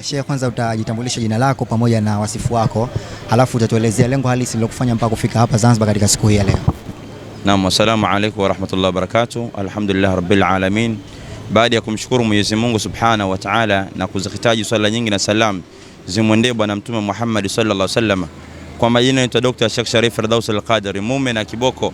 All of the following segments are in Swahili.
Haya, kwanza utajitambulisha jina lako pamoja na wasifu wako, halafu utatuelezea lengo halisi lilokufanya mpaka kufika hapa Zanzibar katika siku hii ya leo. Naam, assalamu alaykum wa rahmatullahi wa barakatuh. Alhamdulillah rabbil alamin. Baada ya kumshukuru Mwenyezi Mungu subhanahu wa Ta'ala na kuzihitaji swala nyingi na salam zimwendee Bwana Mtume Muhammad sallallahu alaihi wasallam. Kwa majina naitwa Dr. Sheikh Sharif Firdaus Al-Qadri, mume na kiboko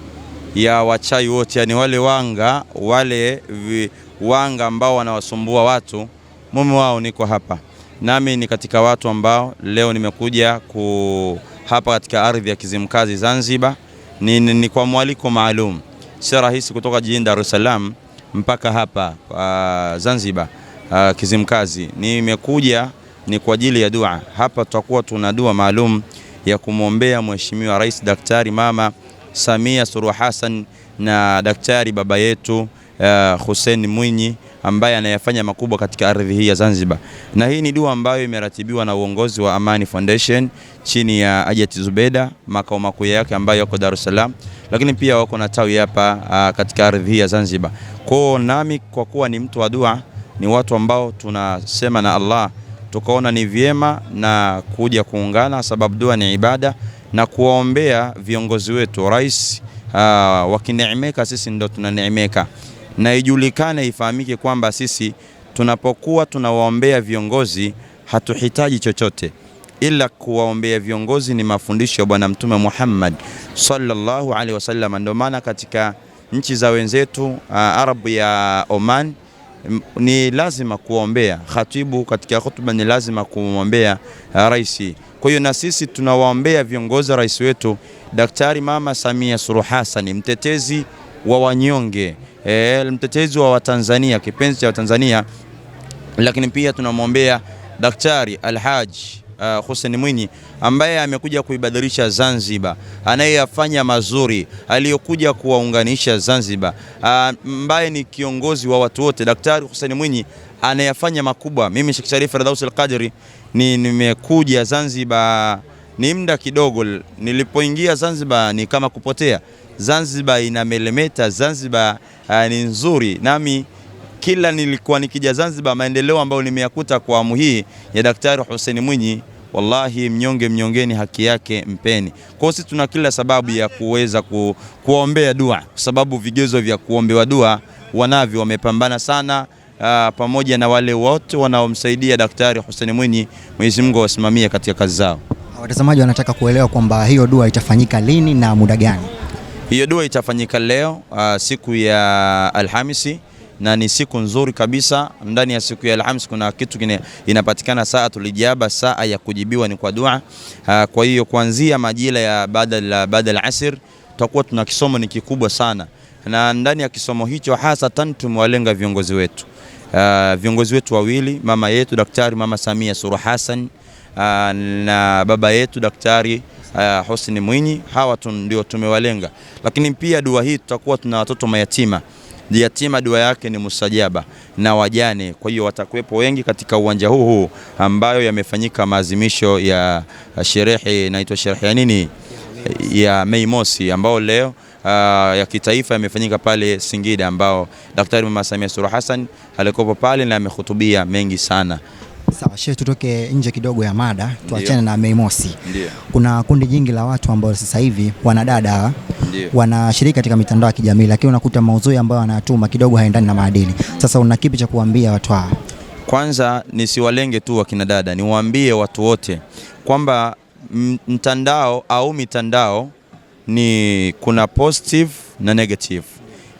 ya wachai wote, yani wale wanga wale vi, wanga ambao wanawasumbua watu, mume wao niko hapa nami ni katika watu ambao leo nimekuja ku hapa katika ardhi ya Kizimkazi Zanzibar. Ni, ni, ni kwa mwaliko maalum, si rahisi kutoka jijini Dar es Salaam mpaka hapa uh, Zanzibar uh, Kizimkazi. Nimekuja ni kwa ajili ya dua. Hapa tutakuwa tuna dua maalum ya kumwombea Mheshimiwa Rais Daktari Mama Samia Suluhu Hassan na daktari baba yetu uh, Hussein Mwinyi ambaye anayafanya makubwa katika ardhi hii ya Zanzibar, na hii ni dua ambayo imeratibiwa na uongozi wa Amani Foundation chini ya Ajat Zubeda, makao makuu yake ambayo yako Dar es Salaam, lakini pia wako na tawi hapa ah, katika ardhi hii ya Zanzibar. Kwa nami kwa kuwa ni mtu wa dua, ni watu ambao tunasema na Allah tukaona ni vyema na kuja kuungana, sababu dua ni ibada, na kuwaombea viongozi wetu rais. Ah, Wakineemeka sisi ndo tunaneemeka na ijulikane, ifahamike kwamba sisi tunapokuwa tunawaombea viongozi hatuhitaji chochote ila kuwaombea viongozi ni mafundisho ya Bwana Mtume Muhammad sallallahu alaihi wasallam. Ndio maana katika nchi za wenzetu uh, Arabu ya Oman ni lazima kuwaombea khatibu, katika hotuba ni lazima kumwombea uh, rais. Kwa hiyo na sisi tunawaombea viongozi, rais wetu Daktari Mama Samia Suluhu Hassan, mtetezi wa wanyonge e, mtetezi wa Watanzania, kipenzi cha Watanzania, lakini pia tunamwombea Daktari Alhaji Uh, Hussein Mwinyi ambaye amekuja kuibadilisha Zanzibar, anayeyafanya mazuri, aliyokuja kuwaunganisha Zanzibar, uh, ambaye uh, ni kiongozi wa watu wote. Daktari Hussein Mwinyi anayafanya makubwa. Mimi Sheikh Sharif Radhaus Al-Qadri ni nimekuja Zanzibar ni muda kidogo, nilipoingia Zanzibar ni kama kupotea Zanzibar melemeta Zanzibar uh, ni nzuri. Nami kila nilikuwa nikija Zanzibar, maendeleo ambayo nimeyakuta kwa awamu hii ya Daktari Hussein Mwinyi, wallahi mnyonge mnyongeni haki yake mpeni. Kwa sisi tuna kila sababu ya kuweza ku, kuombea dua, kwa sababu vigezo vya kuombewa dua wanavyo, wamepambana sana Uh, pamoja na wale wote wanaomsaidia Daktari Hussein Mwinyi, Mwenyezi Mungu awasimamie katika kazi zao. Watazamaji wanataka kuelewa kwamba hiyo dua itafanyika lini na muda gani? Hiyo dua itafanyika leo uh, siku ya Alhamisi na ni siku nzuri kabisa. Ndani ya siku ya Alhamis kuna kitu kine, inapatikana saa tulijaba, saa ya kujibiwa ni kwa dua. Uh, kwa hiyo kuanzia majira ya baada ya asir tutakuwa tuna kisomo ni kikubwa sana, na ndani ya kisomo hicho hasatan tumewalenga viongozi wetu uh, viongozi wetu wawili, mama yetu Daktari Mama Samia Suluhu Hassan uh, na baba yetu Daktari uh, eh, Hussein Mwinyi, hawa ndio tumewalenga. Lakini pia dua hii tutakuwa tuna watoto mayatima yatima dua yake ni musajaba na wajane. Kwa hiyo watakuwepo wengi katika uwanja huu huu ambayo yamefanyika maazimisho ya sherehe inaitwa sherehe ya nini ya Mei Mosi ambao leo Uh, ya kitaifa yamefanyika pale Singida ambao Daktari Mama Samia Suluhu Hassan alikopo pale na amehutubia mengi sana. Sawa, shehe, tutoke nje kidogo ya mada tuachane na Mei Mosi. Kuna kundi jingi la watu ambao sasa hivi wanadada wanashiriki katika mitandao ya kijamii lakini unakuta maudhui ambayo wanayatuma kidogo haendani na maadili. Sasa una kipi cha kuambia watu hawa? Kwanza nisiwalenge tu wakina dada, niwaambie watu wote kwamba mtandao au mitandao ni kuna positive na negative.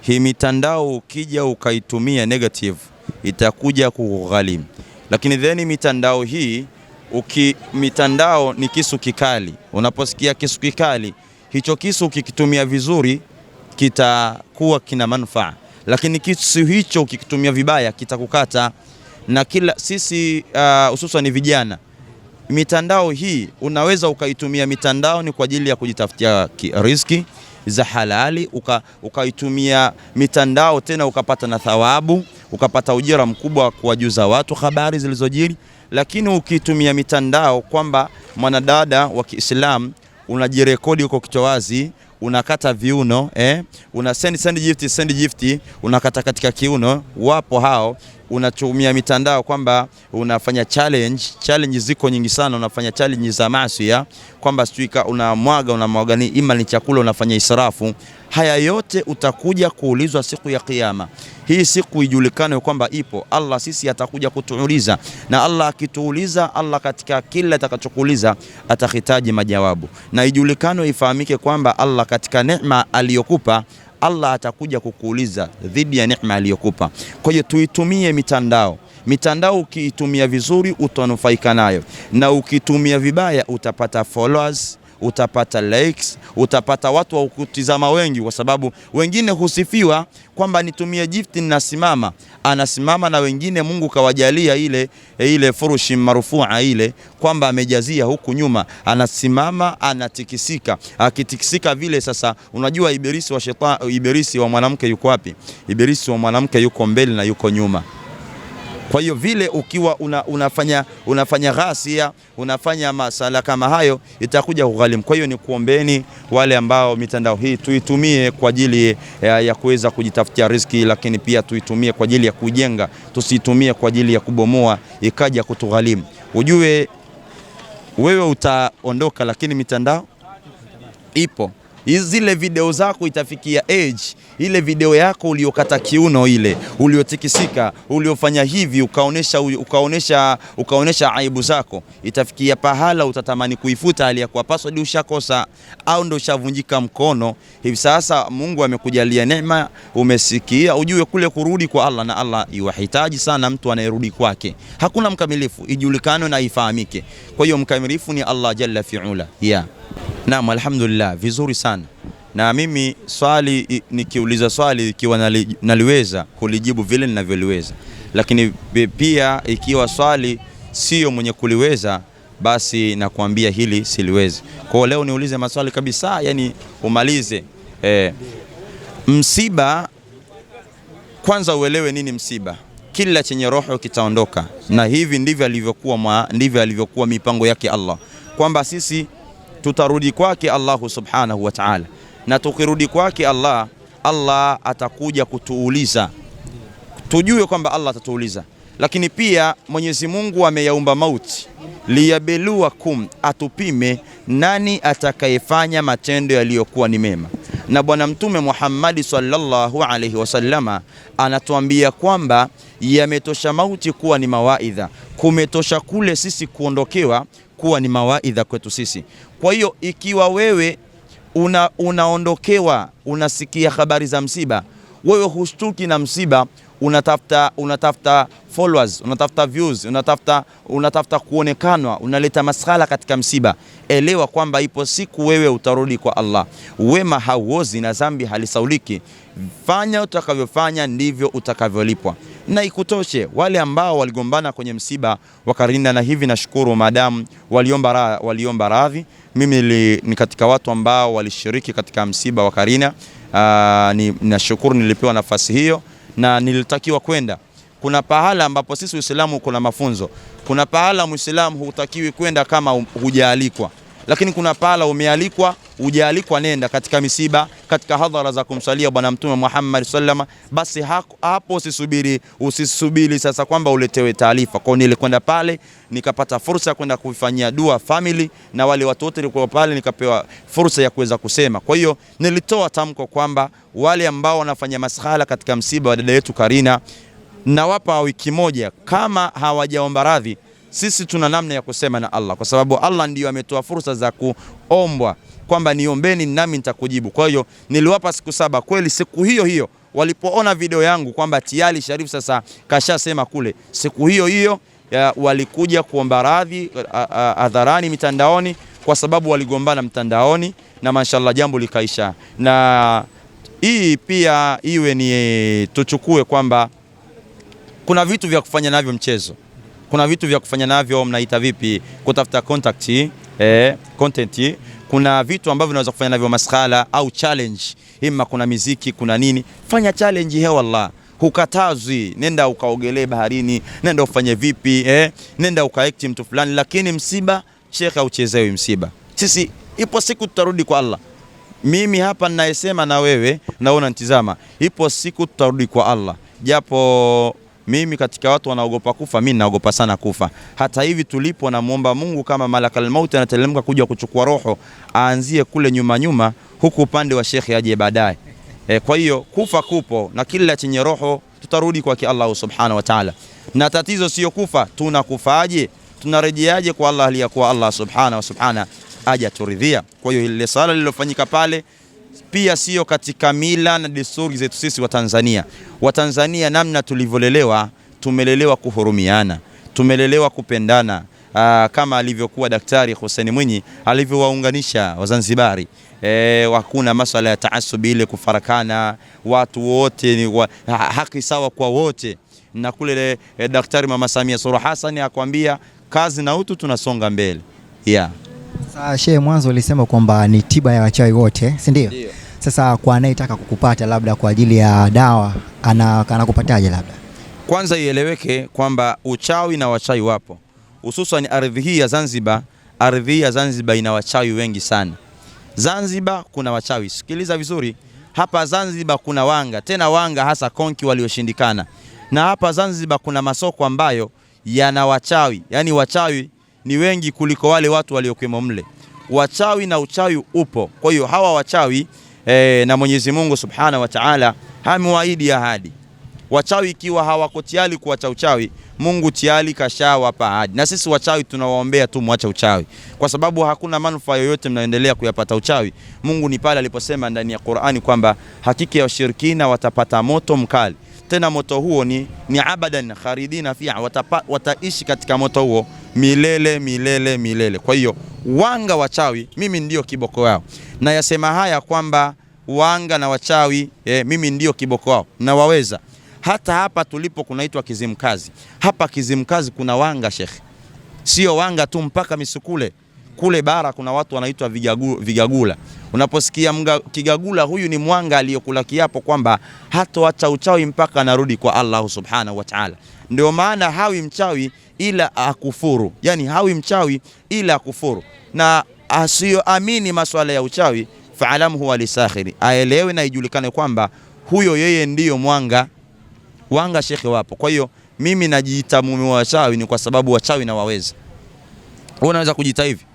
Hii mitandao ukija ukaitumia negative itakuja kukughalimu. Lakini theni mitandao hii uki, mitandao ni kisu kikali. Unaposikia kisu kikali, hicho kisu ukikitumia vizuri kitakuwa kina manufaa, lakini kisu hicho ukikitumia vibaya kitakukata. Na kila sisi uh, hususan uh, vijana mitandao hii unaweza ukaitumia mitandao ni kwa ajili ya kujitafutia riziki za halali, ukaitumia uka mitandao tena ukapata na thawabu, ukapata ujira mkubwa wa kuwajuza watu habari zilizojiri. Lakini ukitumia mitandao kwamba mwanadada wa Kiislamu unajirekodi huko kichwa wazi, unakata viuno eh, una send, send gift send gift, unakata katika kiuno. Wapo hao unatumia mitandao kwamba unafanya challenge, challenge ziko nyingi sana, unafanya challenge za masia kwamba sijui unamwaga unamwaga ni ima ni chakula unafanya israfu. Haya yote utakuja kuulizwa siku ya Kiyama. Hii siku ijulikane kwamba ipo. Allah sisi atakuja kutuuliza, na Allah akituuliza, Allah katika kila atakachokuuliza atahitaji majawabu, na ijulikane ifahamike kwamba Allah katika neema aliyokupa Allah atakuja kukuuliza dhidi ya neema aliyokupa. Kwa hiyo tuitumie mitandao. Mitandao ukiitumia vizuri utanufaika nayo, na ukitumia vibaya utapata followers utapata likes, utapata watu wa kutizama wengi, kwa sababu wengine husifiwa kwamba nitumie gift, ninasimama anasimama, na wengine Mungu kawajalia ile ile furushi marufua ile kwamba amejazia huku nyuma, anasimama anatikisika, akitikisika vile. Sasa unajua iberisi wa shetani, iberisi wa mwanamke yuko wapi? Iberisi wa mwanamke yuko mbele na yuko nyuma. Kwa hiyo vile ukiwa una, unafanya, unafanya ghasia unafanya masala kama hayo itakuja kughalimu. Kwa hiyo ni kuombeni wale ambao mitandao hii tuitumie kwa ajili ya, eh, ya kuweza kujitafutia riziki, lakini pia tuitumie kwa ajili ya kujenga, tusitumie kwa ajili ya kubomoa ikaja kutughalimu. Ujue wewe utaondoka, lakini mitandao ipo zile video zako itafikia age ile video yako uliokata kiuno, ile uliotikisika, uliofanya hivi ukaonesha, ukaonesha, ukaonesha aibu zako, itafikia pahala utatamani kuifuta, hali ya kuwa password ushakosa au ndo ushavunjika mkono. Hivi sasa Mungu amekujalia neema, umesikia, ujue kule kurudi kwa Allah, na Allah iwahitaji sana mtu anayerudi kwake. Hakuna mkamilifu, ijulikane na ifahamike. Kwa hiyo mkamilifu ni Allah jalla fiula, yeah. Naam, alhamdulillah vizuri sana na mimi swali nikiuliza swali ikiwa nali, naliweza kulijibu vile ninavyoliweza, lakini pia ikiwa swali sio mwenye kuliweza basi nakwambia hili siliwezi. Kwa leo niulize maswali kabisa, yani umalize eh. Msiba kwanza, uelewe nini msiba. Kila chenye roho kitaondoka, na hivi ndivyo alivyokuwa, ndivyo alivyokuwa mipango yake Allah kwamba sisi tutarudi kwake Allahu subhanahu wa ta'ala, na tukirudi kwake Allah, Allah atakuja kutuuliza, tujue kwamba Allah atatuuliza. Lakini pia Mwenyezi Mungu ameyaumba mauti liyabeluwakum, atupime nani atakayefanya matendo yaliyokuwa ni mema. Na Bwana Mtume Muhammadi sallallahu alaihi wasallama anatuambia kwamba yametosha mauti kuwa ni mawaidha, kumetosha kule sisi kuondokewa kuwa ni mawaidha kwetu sisi. Kwa hiyo ikiwa wewe una, unaondokewa unasikia habari za msiba, wewe hushtuki na msiba unatafuta unatafuta followers, unatafuta views, unatafuta unatafuta kuonekanwa, unaleta masala katika msiba. Elewa kwamba ipo siku wewe utarudi kwa Allah. Wema hauozi na dhambi halisauliki. Fanya utakavyofanya ndivyo utakavyolipwa. Na ikutoshe wale ambao waligombana kwenye msiba wakarinda, na hivi nashukuru madamu waliomba ra, waliomba radhi. Mimi li, ni katika watu ambao walishiriki katika msiba wa Karina. Aa, ni nashukuru nilipewa nafasi hiyo na nilitakiwa kwenda. Kuna pahala ambapo sisi Uislamu kuna mafunzo, kuna pahala Muislamu hutakiwi kwenda kama hujaalikwa. Lakini kuna pala umealikwa, ujaalikwa nenda katika misiba, katika hadhara za kumsalia Bwana Mtume Muhammad sallama, basi hapo usisubiri, usisubiri sasa kwamba uletewe taarifa. Kwa nilikwenda pale nikapata fursa ya kwenda kuifanyia dua family na wale watu wote walikuwa pale, nikapewa fursa ya kuweza kusema. Kwa hiyo nilitoa tamko kwamba wale ambao wanafanya mashala katika msiba wa dada yetu Karina, nawapa wiki moja, kama hawajaomba radhi sisi tuna namna ya kusema na Allah, kwa sababu Allah ndiyo ametoa fursa za kuombwa kwamba niombeni nami nitakujibu. Kwa hiyo niliwapa siku saba, kweli siku hiyo hiyo walipoona video yangu kwamba tiali Sharifu sasa kashasema kule, siku hiyo hiyo ya walikuja kuomba radhi hadharani mitandaoni, kwa sababu waligombana mtandaoni na mashallah, jambo likaisha. Na hii pia iwe ni tuchukue kwamba kuna vitu vya kufanya navyo mchezo kuna vitu vya kufanya navyo, mnaita vipi, kutafuta contact eh, content. Kuna vitu ambavyo unaweza kufanya navyo maskhara au challenge, ima kuna miziki, kuna nini, fanya challenge he, wallah hukatazwi. Nenda ukaogelee baharini, nenda ufanye vipi eh, nenda ukaact mtu fulani, lakini msiba shekhe auchezewi msiba. Sisi ipo siku tutarudi kwa Allah. Mimi hapa ninayesema na wewe na unanitazama, ipo siku tutarudi kwa Allah japo mimi katika watu wanaogopa kufa, mimi naogopa sana kufa. Hata hivi tulipo, namwomba Mungu kama al-maut anateremka kuja kuchukua roho, aanzie kule nyuma nyuma, huku upande wa shekhe aje baadaye. E, kwa hiyo kufa kupo na kila chenye roho tutarudi kwake Allah subhanahu wa ta'ala, na tatizo sio kufa, tunakufaje? Tunarejeaje kwa Allah aliyakuwa Allah subhana wa subhana aje aturidhia. Kwa hiyo ile sala lilofanyika pale pia sio katika mila na desturi zetu sisi Watanzania. Watanzania namna tulivyolelewa, tumelelewa kuhurumiana, tumelelewa kupendana. Aa, ah, kama alivyokuwa Daktari Hussein Mwinyi alivyowaunganisha Wazanzibari. E, hakuna masuala ya taasubi ile kufarakana, watu wote ni wa, ha, haki sawa kwa wote, na kule e, Daktari Mama Samia Suluhu Hassan akwambia kazi na utu tunasonga mbele yeah. Sasa shehe, mwanzo ulisema kwamba ni tiba ya wachawi wote, si ndio? Sasa kwa anayetaka kukupata labda kwa ajili ya dawa anakupataje? labda kwanza ieleweke kwamba uchawi na wachawi wapo, hususan ardhi hii ya Zanzibar. Ardhi hii ya Zanzibar ina wachawi wengi sana. Zanzibar kuna wachawi, sikiliza vizuri. Hapa Zanzibar kuna wanga, tena wanga hasa konki walioshindikana, na hapa Zanzibar kuna masoko ambayo yana wachawi, yani wachawi ni wengi kuliko wale watu waliokuwemo mle. Wachawi na uchawi upo. Kwa hiyo hawa wachawi e, na Mwenyezi Mungu Subhanahu wa Ta'ala hamewaahidi ahadi wachawi ikiwa hawako tayari kuacha uchawi, Mungu tayari kashawapa ahadi. Na sisi wachawi tunawaombea tu muache uchawi, kwa sababu hakuna manufaa yoyote mnaendelea kuyapata uchawi. Mungu ni pale aliposema ndani ya Qur'ani kwamba hakika ya washirikina watapata moto mkali tena moto huo ni, ni abadan kharidina fiha, watapa, wataishi katika moto huo milele milele milele. Kwa hiyo wanga wachawi, mimi ndio kiboko wao, na yasema haya kwamba wanga na wachawi eh, mimi ndio kiboko wao na waweza hata hapa tulipo kunaitwa Kizimkazi. Hapa Kizimkazi kuna wanga shekhe, sio wanga tu mpaka misukule kule bara kuna watu wanaitwa vigagula. Unaposikia mga, kigagula huyu ni mwanga aliyokula kiapo kwamba hatoacha uchawi mpaka anarudi kwa Allah subhanahu wa ta'ala. Ndio maana hawi mchawi ila akufuru, yani hawi mchawi ila akufuru, na asiyoamini masuala ya uchawi faalamu huwa lisakhiri, aelewe na ijulikane kwamba huyo yeye ndiyo mwanga wanga shekhe wapo. Kwa hiyo mimi najiita mume wa wachawi ni kwa sababu wachawi nawaweza. Wewe unaweza kujiita hivi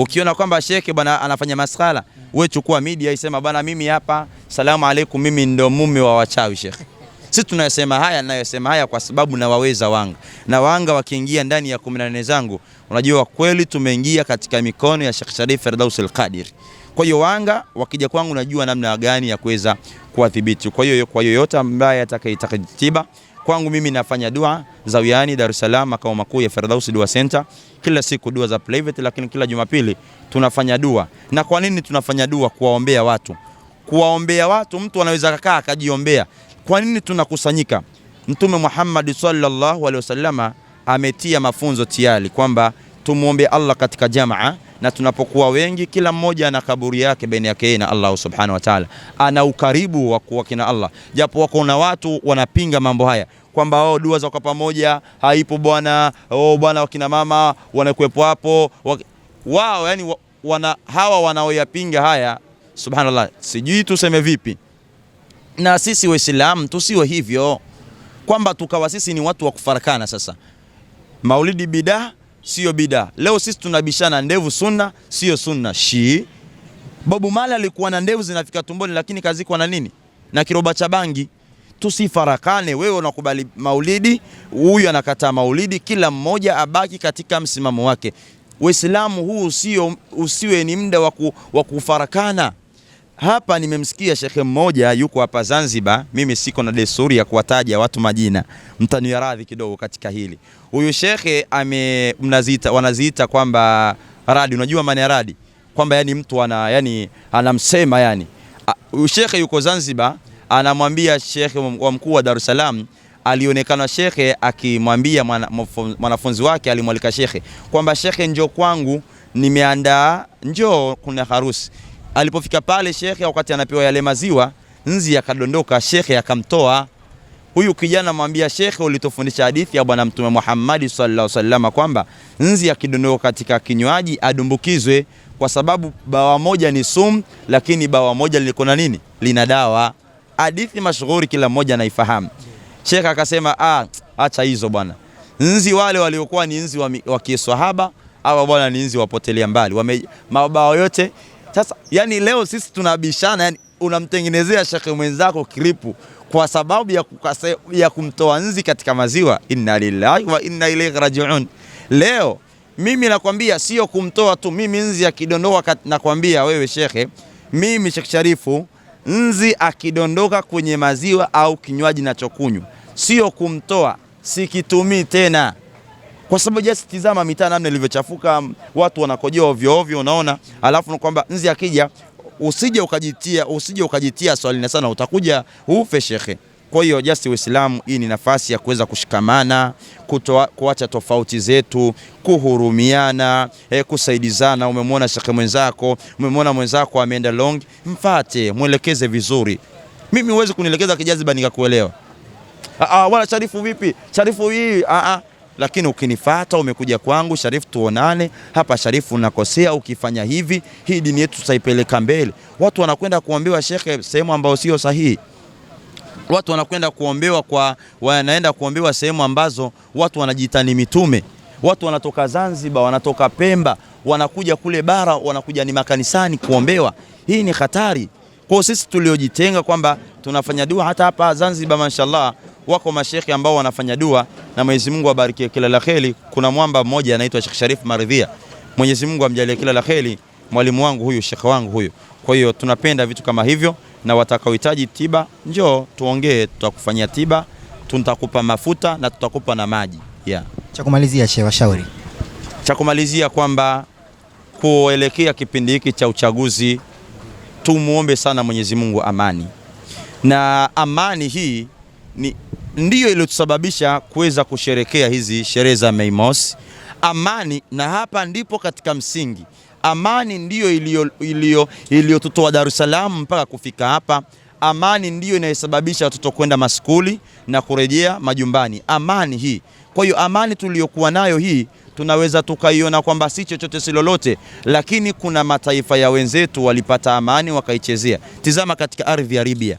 Ukiona kwamba sheke bwana anafanya maskhara, we chukua media isema bwana, mimi hapa, salamu alaikum, mimi ndo mume wa wachawi shekhe. Sisi tunayosema haya nayosema haya kwa sababu na waweza wanga na wanga wakiingia ndani ya kumi na zangu, unajua kweli tumeingia katika mikono ya Sheikh Sharif Firdaus al-Qadir. Kwa hiyo wanga wakija kwangu, najua namna gani ya kuweza kuwadhibiti. Kwa hiyo kwa yoyote ambaye atakayetaka tiba Kwangu mimi nafanya dua za wiani Dar es Salaam, makao makuu ya Ferdaus Dua Center, kila siku dua za private, lakini kila Jumapili tunafanya dua. Na kwa nini tunafanya dua? Kuwaombea watu, kuwaombea watu. Mtu anaweza kukaa akajiombea. Kwa nini tunakusanyika? Mtume Muhammad sallallahu alaihi wasallama ametia mafunzo tiali kwamba tumuombe Allah katika jamaa na tunapokuwa wengi, kila mmoja ana kaburi yake baina yake na Allah subhanahu wa ta'ala, ana ukaribu wa kuwa kina Allah, japo wako na watu wanapinga mambo haya kwamba oh, dua za kwa pamoja haipo bwana, oh bwana, wakina mama wanakuepo hapo wao yani wana, hawa wanaoyapinga haya, subhanallah, sijui tuseme vipi. Na sisi Waislamu tusiwe hivyo kwamba tukawa sisi ni watu wa kufarakana. Sasa maulidi bida sio bida, Leo sisi tunabishana ndevu sunna, sio sunna. Shi Bobu Mali alikuwa na ndevu zinafika tumboni, lakini kazikwa na nini na kiroba cha bangi tusifarakane. Wewe unakubali maulidi, huyu anakataa maulidi, kila mmoja abaki katika msimamo wake. Uislamu huu usio, usiwe ni muda wa kufarakana. Hapa nimemsikia shekhe mmoja yuko hapa Zanzibar. Mimi siko na desturi ya kuwataja watu majina, mtaniwa radhi kidogo katika hili. Huyu shekhe ame mnaziita, wanaziita kwamba radi, unajua maana ya radi kwamba yani mtu ana, yani, anamsema yani. Huyu shekhe yuko Zanzibar anamwambia shekhe wa mkuu wa Dar es Salaam alionekana shekhe akimwambia mwanafunzi wake, alimwalika shekhe kwamba shekhe, njoo kwangu, nimeandaa njoo, kuna harusi. Alipofika pale shekhe, wakati anapewa yale maziwa, nzi akadondoka, shekhe akamtoa huyu kijana, mwambia shekhe, ulitufundisha hadithi ya bwana Mtume Muhammad sallallahu alaihi wasallam kwamba nzi akidondoka katika kinywaji adumbukizwe, kwa sababu bawa moja ni sum lakini bawa moja liko na nini, lina dawa hadithi mashughuri kila mmoja anaifahamu. Sheikh akasema ah, acha hizo bwana, nzi wale waliokuwa ni nzi wa, kiswahaba hawa bwana ni nzi wapotelea mbali, wame mabao yote. Sasa yani leo sisi tunabishana, yani unamtengenezea shekhe mwenzako kripu kwa sababu ya, kukase, ya kumtoa nzi katika maziwa. Inna lillahi wa inna ilaihi rajiun. Leo mimi nakwambia sio kumtoa tu, mimi nzi akidondoa, nakwambia wewe shekhe, mimi Sheikh Sharifu nzi akidondoka kwenye maziwa au kinywaji nachokunywa, sio kumtoa, sikitumii tena kwa sababu jasi, tizama mitaa namna ilivyochafuka, watu wanakojoa ovyo ovyo, unaona. Alafu ni kwamba nzi akija, usije ukajitia, usije ukajitia swalina sana, utakuja ufe shekhe. Kwa hiyo just Uislamu, hii ni nafasi ya kuweza kushikamana, kuacha tofauti zetu, kuhurumiana, eh, kusaidizana. Umemwona shekhe mwenzako, umemwona mwenzako ameenda long, mfate, mwelekeze vizuri. Mimi huwezi kunielekeza kijaziba nikakuelewa. Ah, ah wala Sharifu vipi? Sharifu hii ah, ah lakini ukinifata umekuja kwangu, Sharifu, tuonane hapa, Sharifu unakosea, ukifanya hivi hii dini yetu tutaipeleka mbele. Watu wanakwenda kuambiwa shekhe sehemu ambayo sio sahihi watu wanakwenda kuombewa kwa, wanaenda kuombewa sehemu ambazo watu wanajitani mitume. Watu wanatoka Zanzibar, wanatoka Pemba, wanakuja kule bara, wanakuja ni makanisani kuombewa. Hii ni hatari. Kwa sisi tuliojitenga kwamba tunafanya dua, hata hapa Zanzibar mashallah wako mashekhe ambao wanafanya dua na Mwenyezi Mungu abarikie kila la kheri. Kuna mwamba mmoja anaitwa Sheikh Sharif Maridhia, Mwenyezi Mungu amjalie kila la kheri, mwalimu wangu huyu, shekhe wangu huyu. Kwa hiyo tunapenda vitu kama hivyo na watakaohitaji tiba njoo tuongee, tutakufanyia tiba, tutakupa mafuta na tutakupa na maji yeah. Cha kumalizia shehe, washauri cha kumalizia kwamba kuelekea kipindi hiki cha uchaguzi tumuombe sana Mwenyezi Mungu amani, na amani hii ni ndiyo iliyotusababisha kuweza kusherekea hizi sherehe za Mei Mosi. Amani, na hapa ndipo katika msingi Amani ndiyo iliyotutoa Dar es Salaam mpaka kufika hapa. Amani ndiyo inayosababisha watoto kwenda maskuli na kurejea majumbani, amani hii. Kwa hiyo amani tuliyokuwa nayo hii tunaweza tukaiona kwamba si chochote si lolote, lakini kuna mataifa ya wenzetu walipata amani wakaichezea. Tizama katika ardhi ya Libya.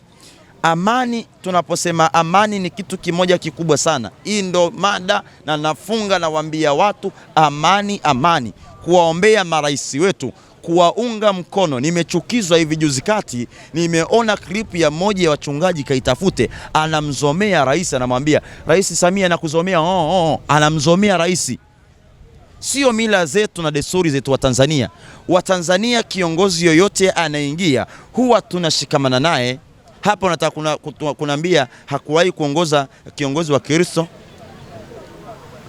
Amani, tunaposema amani ni kitu kimoja kikubwa sana. Hii ndo mada na nafunga, nawaambia watu amani, amani kuwaombea marais wetu kuwaunga mkono. Nimechukizwa hivi juzi kati, nimeona klipu ya mmoja ya wachungaji, kaitafute, anamzomea rais, anamwambia Rais Samia nakuzomea. Oh, oh, oh, anamzomea rais. Sio mila zetu na desturi zetu Watanzania. Watanzania, kiongozi yoyote anaingia, huwa tunashikamana naye. Hapo nataka kuna, kunaambia hakuwahi kuongoza kiongozi wa Kristo,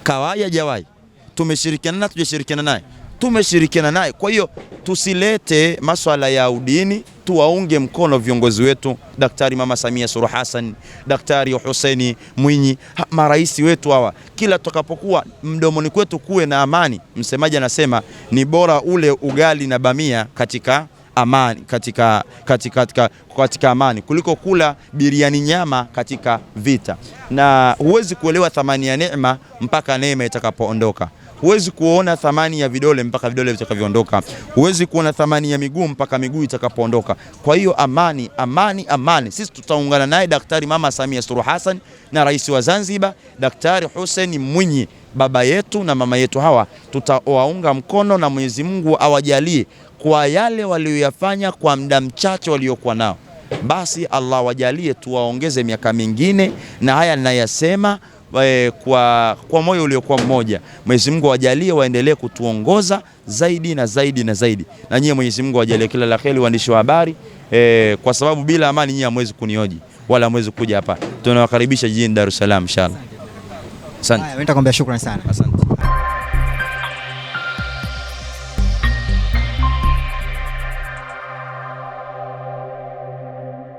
kawaya jawai, tumeshirikiana na tujashirikiana naye tumeshirikiana naye. Kwa hiyo tusilete maswala ya udini, tuwaunge mkono viongozi wetu, Daktari Mama Samia Suluhu Hassan, Daktari Hussein Mwinyi, marais wetu hawa. Kila tutakapokuwa mdomoni kwetu kuwe na amani. Msemaji anasema ni bora ule ugali na bamia katika amani katika, katika, katika, katika amani kuliko kula biriani nyama katika vita, na huwezi kuelewa thamani ya neema mpaka neema itakapoondoka. Huwezi kuona thamani ya vidole mpaka vidole vitakavyoondoka. Huwezi kuona thamani ya miguu mpaka miguu itakapoondoka. Kwa hiyo amani, amani, amani. Sisi tutaungana naye Daktari Mama Samia Suluhu Hassan na Rais wa Zanzibar Daktari Hussein Mwinyi, baba yetu na mama yetu, hawa tutawaunga mkono na Mwenyezi Mungu awajalie kwa yale walioyafanya kwa muda mchache waliokuwa nao, basi Allah wajalie tuwaongeze miaka mingine, na haya ninayasema e, kwa, kwa moyo uliokuwa mmoja. Mwenyezi Mungu awajalie waendelee kutuongoza zaidi na zaidi na zaidi, na nyie Mwenyezi Mungu awajalie kila la kheri, waandishi wa habari e, kwa sababu bila amani nyie hamwezi kunioji wala hamwezi kuja hapa. Tunawakaribisha jijini Dar es Salaam inshallah. Asante. Mimi nitakwambia shukrani sana. Asante.